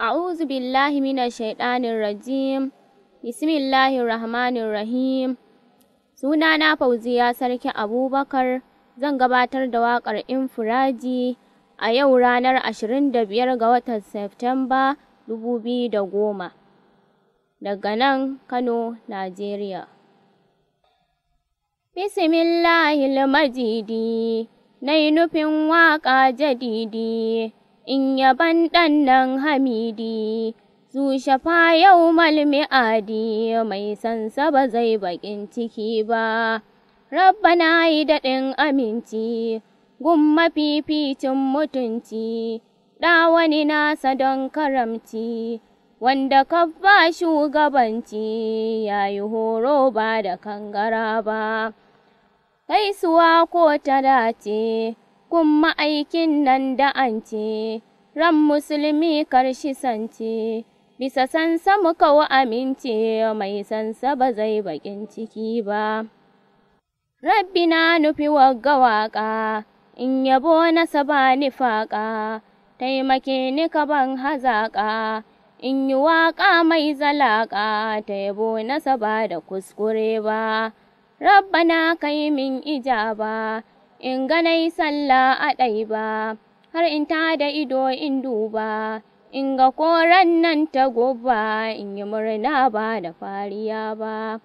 أعوذ بالله من الشيطان الرجيم rahim. الله الرحمن الرحيم sunana fauziya sarki abubakar zan gabatar da waƙar infiraji a yau ranar 25 ga watan Satumba 2010 daga nan Kano, Najeriya. Bismillahil majidi, na nufin waƙa jadidi. in yaban ɗan nan hamidi shafa yau malmi malmi'adi mai sansa ba zai baƙin ciki ba rabbana yi daɗin aminci gun mafificin mutunci ɗa wani nasa don karamci wanda ka ba shugabanci ya yi horo ba da kangara ba kaisuwa ko ta dace kun ma'aikin nan da an ran musulmi karshi sance bisa sansa muka wa amince mai sansa ba zai bakin ciki ba rabbi na nufi wagga waƙa in yabo na saba ni faƙa taimake ni ka ban hazaƙa in yi waƙa mai zalaƙa ta yabo na saba da kuskure ba rabbana kai min ijaba in ga nayi sallah a ɗai ba har in ta da ido in duba in ga koran nan ta gobba in yi murna ba da fariya ba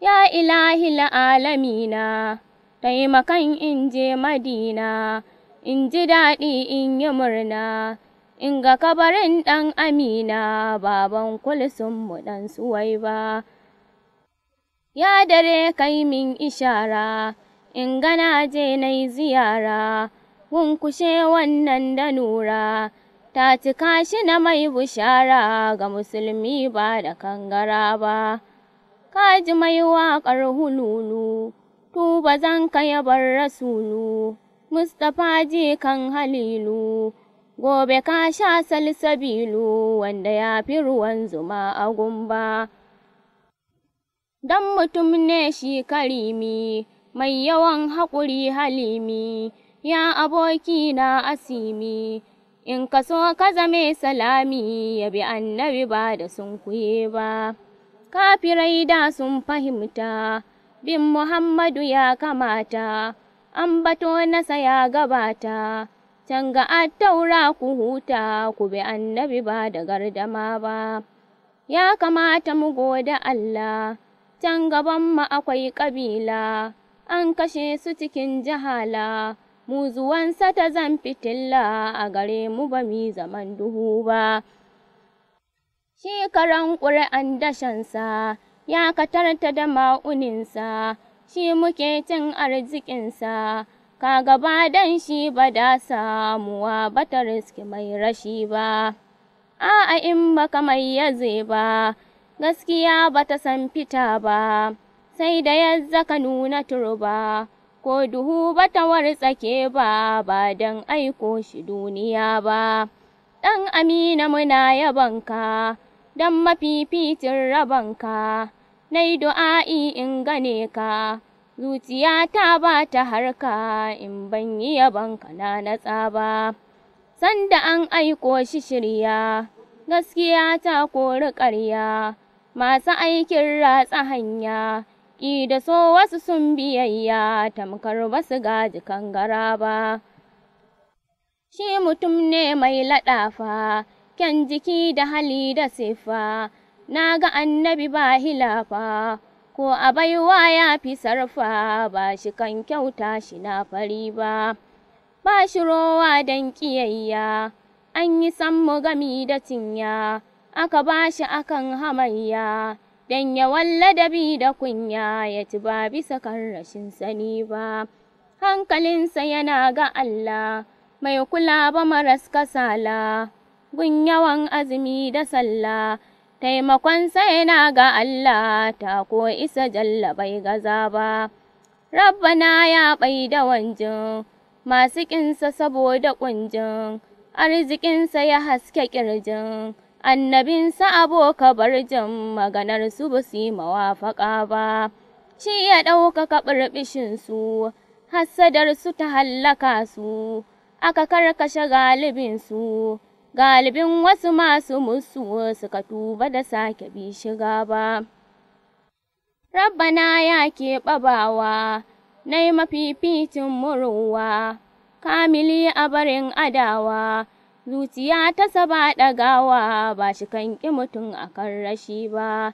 ya ilahi alamina taimakan in je madina in ji daɗi in yi murna in ga kabarin ɗan amina baban kulsun mu ɗan suwai ba ya dare kai min ishara in gana je na yi ziyara kushe wannan da nura ta cika shi na mai bushara ga musulmi ba da kangara ba kaji mai waƙar hululu tuba zan ka bar rasulu mustapha ji kan halilu gobe ka sha salsabilu wanda ya fi ruwan zuma a gumba dan mutum ne shi karimi mai yawan haƙuri halimi ya aboki na asimi in ka so ka zame salami ya bi annabi ba da sun kuye ba kafirai da sun fahimta bin muhammadu ya kamata An bato nasa ya gabata can ga attaura ku huta ku bi annabi ba da gardama ba ya kamata mu gode Allah can gaban mu akwai ƙabila an kashe su cikin jahala mu zuwansa ta zan fitilla a gare mu ba mi zaman duhu ba Shi shekaran ƙuri'an dashansa ya katarta da ma'uninsa shi muke cin arzikinsa ka gaba dan shi ba da samuwa ba ta riski mai rashi ba a'a in baka mai yaze ba gaskiya ba ta san fita ba sai da zaka nuna turba ko duhu bata wartsake ba ba don aiko shi duniya ba Ɗan amina muna yabanka dan mafifitin rabanka na yi du'a'i in gane ka zuciyata ba ta harka in ban yi yabanka na natsa ba sanda an aiko shi shirya gaskiya ta kori ƙarya masu aikin ratsa hanya haƙƙi da so wasu sun biyayya tamkar ba su gaji kangara ba shi mutum ne mai laɗafa kyan jiki da hali da siffa na ga annabi ba hilafa ko a baiwa ya fi sarfa ba shi kan kyauta shi na fari ba ba shi rowa don ƙiyayya an yi sammu gami da cinya aka ba shi akan hamayya dan yawan ladabi da kunya ya ci ba bisa kan rashin sani ba hankalinsa yana ga Allah mai kula ba maras kasala gun yawan azumi da sallah taimakonsa yana ga Allah ta ko isa jalla bai gaza ba rabbana ya bai da wanjin masu ƙinsa saboda ƙunjin arzikinsa ya haske ƙirjin annabinsa aboka barjan maganar su ba su yi mawafaƙa ba shi ya ɗaukaka su hassadar su ta hallaka su aka karkashe galibinsu galibin wasu masu musu suka tuba da sake bi shiga ba rabbana ya keɓa na yi mafificin muruwa kamili a barin adawa zuciya ta saba ɗagawa ba shi kan ƙi mutum akan rashi ba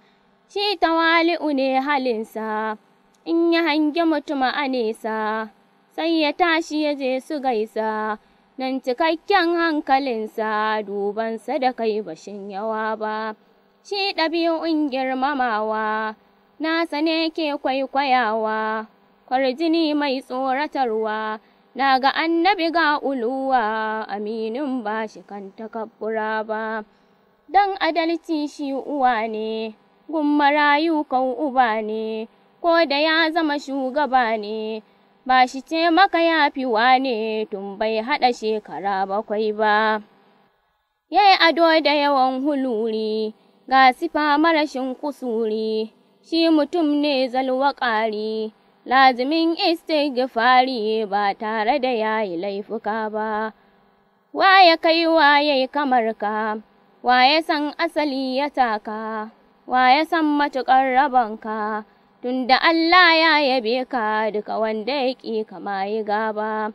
shi tawali'u ne halinsa in ya hangi mutum a nesa sai ya tashi ya je su gaisa nan cikakken hankalinsa dubansa da kai bashin yawa ba shi ɗabi'un girmamawa nasa ne ke kwaikwayawa kwarjini mai tsoratarwa Na ga annabi ga uluwa aminin ba shi kan takabbura ba dan adalci shi uwa ne gun marayu uba ne ko da ya zama shugaba ne ba shi ce maka ya fi wane tun bai haɗa shekara bakwai ba ya yi ado da yawan huluri ga sifa marashin kusuri shi mutum ne zalwa ƙari lazimin istighfari ba tare da yayi laifuka ba waye kai wa waye kamar ka waye san asali ya taka waye san matuƙar rabanka tunda Allah ya yabe ka duka wanda ya ƙi kama yi gaba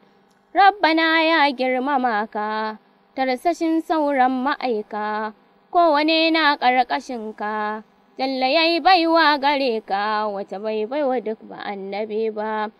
rabbana ya girmama ka tarsashin sauran ma'aika kowane na ka. jalla yayi baiwa gare ka wata bai baiwa duk ba annabi ba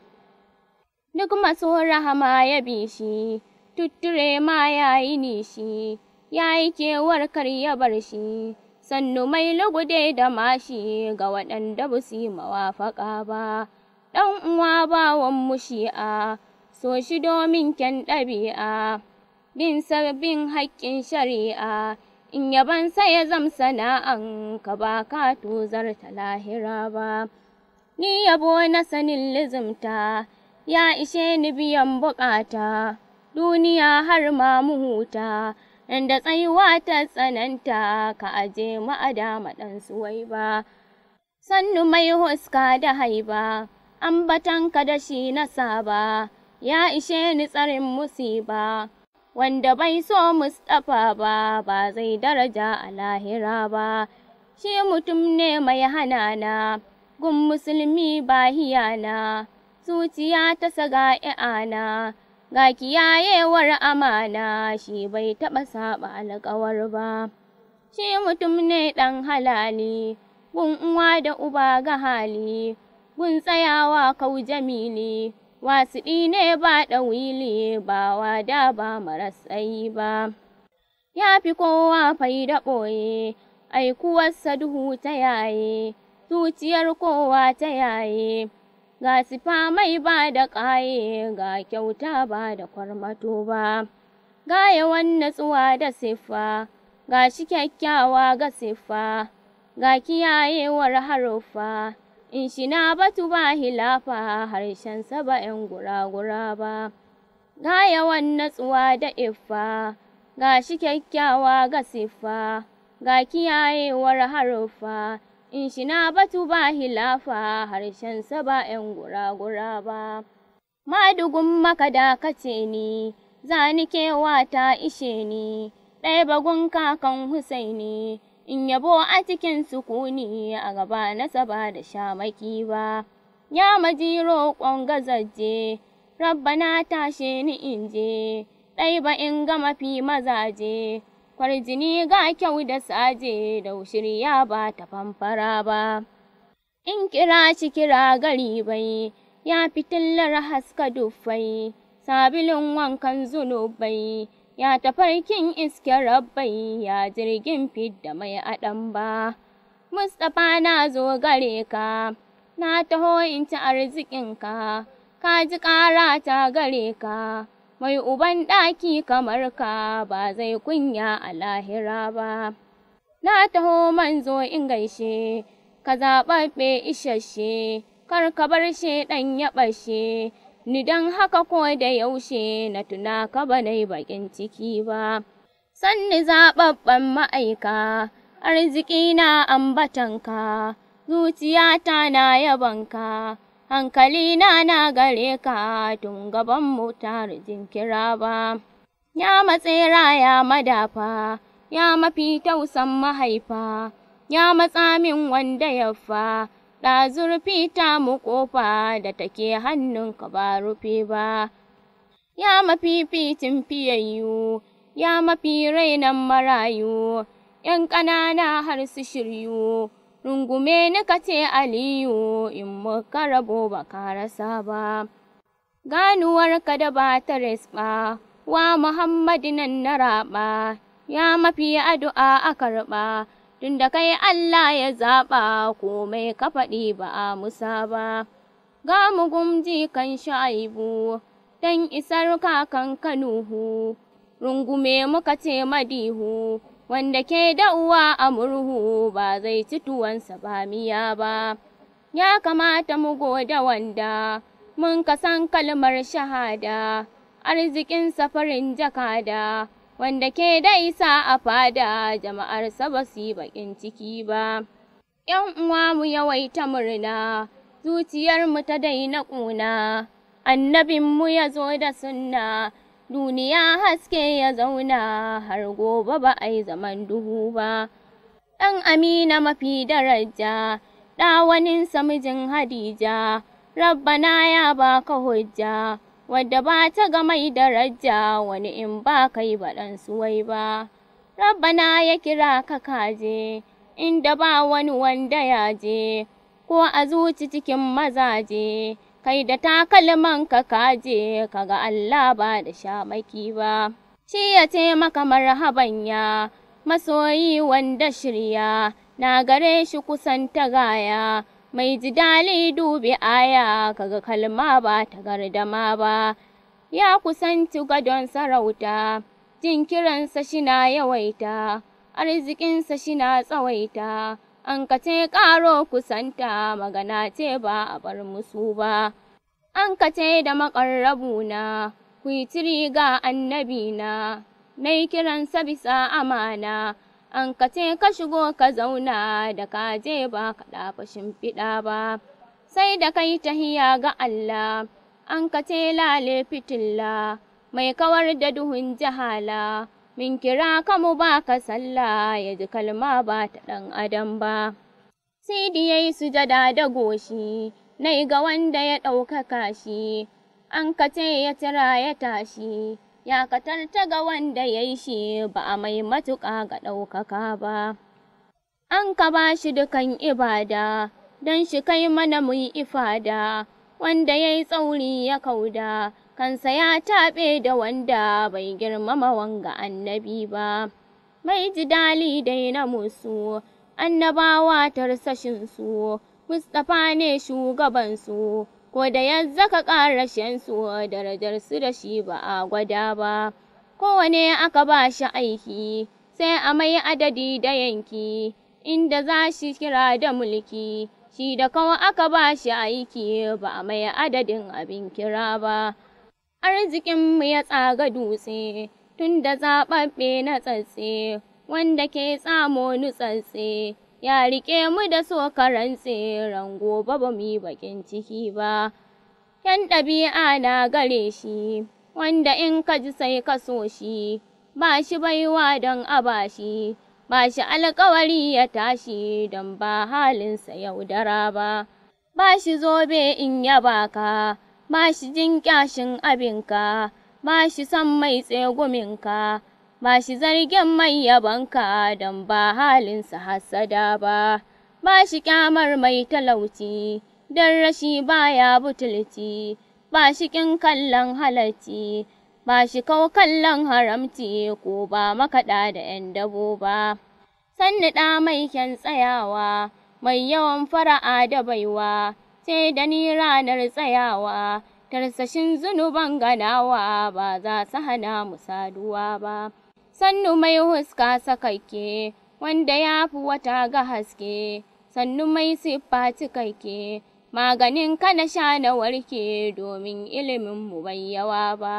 duk masu rahama ya bi shi tutture ma yi nishi yayi kewar kar ya bar shi sannu mai lugude da mashi ga waɗanda ba su yi mawafaƙa ba ɗan uwa bawan mushi'a so shi domin kyan ɗabi'a bin sabbin haƙƙin shari'a in yaban sai ya zam sana'an ka ba ka tozar ta lahira ba ni yabo na sanin lizimta ya ishe ni biyan bukata duniya har ma mu huta. inda tsayuwa ta tsananta ka aje mu a dama ɗan suwai ba sannu mai huska da haiba ka da shi na saba ya ishe ni tsarin musiba wanda bai so Mustapha ba ba zai daraja a lahira ba shi mutum ne mai hanana gun musulmi ba hiyana zuciya ta saga i'ana ga kiyayewar amana shi bai taɓa saba alƙawar ba shi mutum ne ɗan halali gun uwa da uba ga hali gun tsayawa kau jamili wasiɗi ne ba ɗawili ba wada ba marasai ba ya fi kowa fai da ɓoye aikuwarsa duhu ta yaye zuciyar kowa ta yaye ga sifa mai ba da ƙaye ga kyauta ba da kwarmato ba ga yawan natsuwa da siffa ga shi kyakkyawa ga siffa ga kiyayewar haruffa in shi na batu ba hilafa harshen saba yan gura-gura ba ga yawan natsuwa da ifa ga shi kyakkyawa ga siffa ga kiyayewar harufa in shi na batu ba hilafa harshen saba yan gura-gura ba madugun maka dakace ni za kewa ta ishe ni ɗaya bagun kakan husaini in yabo a cikin sukuni a gaba na saba da shamaki ba ya maji gazaje. gazajje rabbana tashe ni in je ɗai ba in ga mafi mazaje kwarjini ga kyau da saje da shirya ba ta famfara ba in kira shi kira gari bai ya fitillar haska duffai sabilin wankan zunubai ya tafarkin iske rabbai ya jirgin fidda mai aɗan ba mustapha na zo gare ka na taho in ci arzikinka ka ji kara ta gare ka mai uban ɗaki kamar ka ba zai kunya a lahira ba na taho zo in gaishe ka zaɓaɓɓe isasshe kar ka bar shi ɗan ya ni don haka ko da yaushe na tuna ka ba na bakin ciki ba. Sanni zaɓaɓɓen ma'aika, arziki na ambatanka, zuciyata na yabanka, hankali na na gare ka tun gaban motar jinkira ba. Ya matsera ya madafa, ya mafi tausan mahaifa, ya matsa min wanda ya fa. faɗa zurfi ta mu ƙofa da take hannunka ba rufe ba. Ya mafificin fiyayyu, ya mafi rainan marayu, ‘yan ƙanana har su shiryu, rungume ni ka ce Aliyu, in muka rabo ba ka rasa ba. Ganuwarka da ba ta res'ba. wa Muhammadu nan na raɓa, ya mafi addu'a a karɓa. tunda kai Allah ya zaɓa komai ka faɗi ba a musa ba. Ga gumji kan sha'ibu, dan isar kakan kanuhu, rungume muka ce madihu, wanda ke da uwa a murhu ba zai ci tuwansa ba miya ba. Ya kamata mu goda wanda, mun kasan kalmar shahada, arzikin safarin jakada. wanda ke da isa a fada jama'arsa ba su yi baƙin ciki ba. ‘Yan uwa mu yawaita murna, Zuciyar mu ta daina ƙuna, annabinmu ya zo da sunna, duniya haske ya zauna har gobe ba a yi zaman duhu ba. Ɗan Amina mafi daraja, ɗawaninsa mijin Hadija, rabbana ya baka hujja. wadda ba ta ga mai daraja wani in ba kai yi baɗan suwai ba rabbana ya kira ka kaje inda ba wani wanda ya je ko a zuci cikin mazaje kai da takalman ka kaje kaga Allah ba da shamaki ba shi ya ce maka marhabanya habanya, masoyi wanda shirya na gare shi kusan ta gaya. mai jidali dubi aya kaga kalma ba ta gardama ba ya kusanci gadon sarauta jin kiransa shina yawaita arzikinsa shina tsawaita an ka ce ƙaro kusanta magana ce ba a bar musu ba an ka ce da maƙarrabuna ku yi ga annabina na yi kiransa bisa amana an ka ce ka shigo ka zauna da ka je ba ka ɗafa shimfiɗa ba sai da kai tahiya ga Allah an ka ce lale fitilla mai kawar da duhun jahala min kira ka mu ba ka sallah ya ji kalma ba ta ɗan adam ba sidi ya yi sujada da goshi yi ga wanda ya ɗaukaka shi an ka ce ya tira ya tashi ya katarta ga wanda ya yi shi ba a mai matuƙa ga ɗaukaka ba. An ka ba shi dukan ibada, don shi kai mana mu yi ifada, wanda ya yi tsauri ya kauda, kansa ya taɓe da wanda bai girmama wanga annabi ba. Mai ji dali dai na musu, annabawa tarsashinsu, Mustapha ne shugabansu, ko da ka ƙara su, darajar su da shi ba a gwada ba kowane aka ba shi aiki sai a mai adadi da yanki inda za shi kira da mulki shi da kawo aka ba shi aiki ba a mai adadin abin kira ba mu ya tsaga dutse tunda da zaɓaɓɓe na tsatse wanda ke tsamo nutsatse ya riƙe mu da sokaran tseren gobe ba mu yi baƙin ciki ba yan ɗabi'a na gare shi wanda in ka ji sai ka so shi ba shi baiwa don abashi. ba shi ba alkawari ya tashi don ba halinsa yaudara ba ba shi zobe in ya baka ba shi jin kyashin abinka ba shi san mai tseguminka ba shi zargin mai yabanka don ba halinsa hasada ba ba shi kyamar mai talauci don rashi baya butulci ba shi kin kallon halarci, ba shi kau kallon haramci ko ba makaɗa da 'yan dabo ba sanni ɗa mai kyan tsayawa mai yawan fara'a da baiwa sai da ni ranar tsayawa tarsashin zunuban ganawa ba za su hana mu saduwa ba sannu mai huska sakakke wanda ya fi wata ga haske sannu mai siffa cikaike maganin ka na sha na warke domin ilimin mu bai yawa ba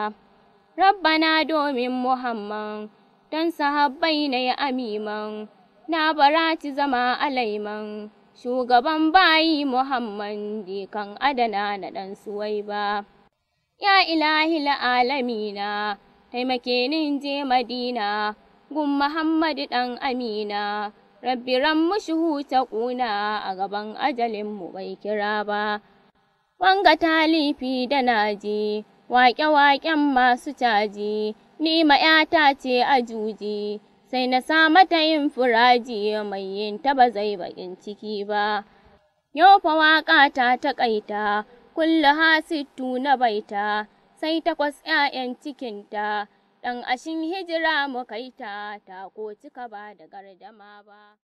rabbana domin muhamman don sahabbai na ya amiman na barati zama alaiman shugaban bayi muhamman dikan adana na ɗan suwai ba ya ilahi alamina taimake in je madina gun muhammadu dan amina rabbi ran mushu ta kuna a gaban ajalin mu bai kira ba wanga talifi da naji waƙe-waƙen masu caji ni ma yata ce a juji sai na sa mata yin furaji mai yin ta ba zai bakin ciki ba yau fa waƙa ta taƙaita kullu hasittu na baita sai takwas 'ya'yan cikinta ɗan ashin hijira mu kai ta ta ko cika ba da gardama ba